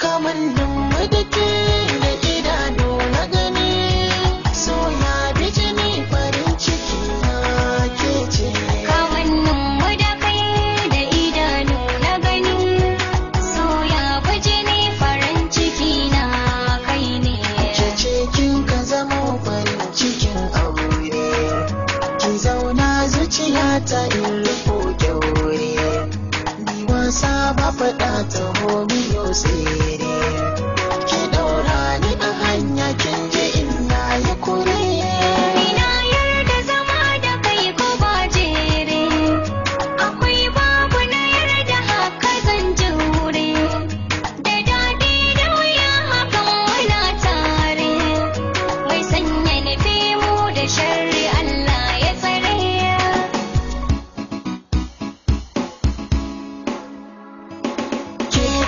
kamannin mu da ke don't ta me, no sai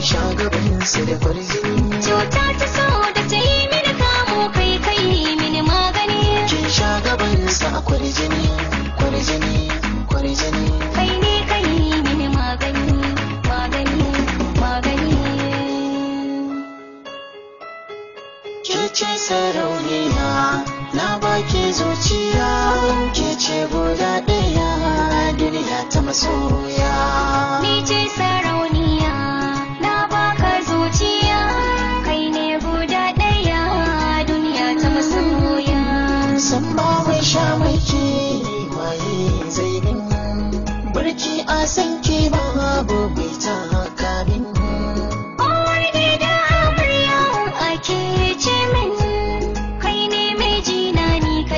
ya da cuta ta so da ta yi mini kamo kai kai mini magani kin sha gabaninsa a kwarjini kwarjini kwarjini kai ne kai mini magani magani magani ke ce sarauniya na zuciya ke ce ɗaya duniya ta masoya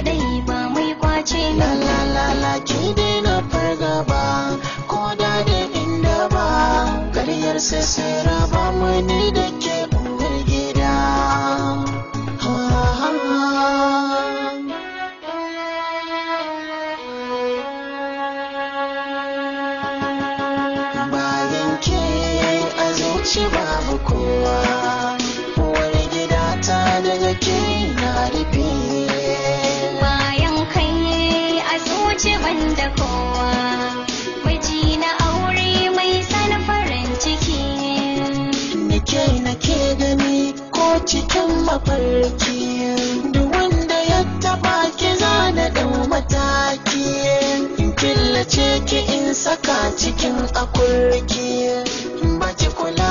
kadai ba mai kwace na la la la na fargaba ko da ne inda ba karyar sai sai raba da ke uwar gida bayan ke a zuci babu kowa uwar gida ta daga ke cikin mafarki duk wanda ya taba ki zana da mataki in killace ki in saka cikin akurki ba ki kula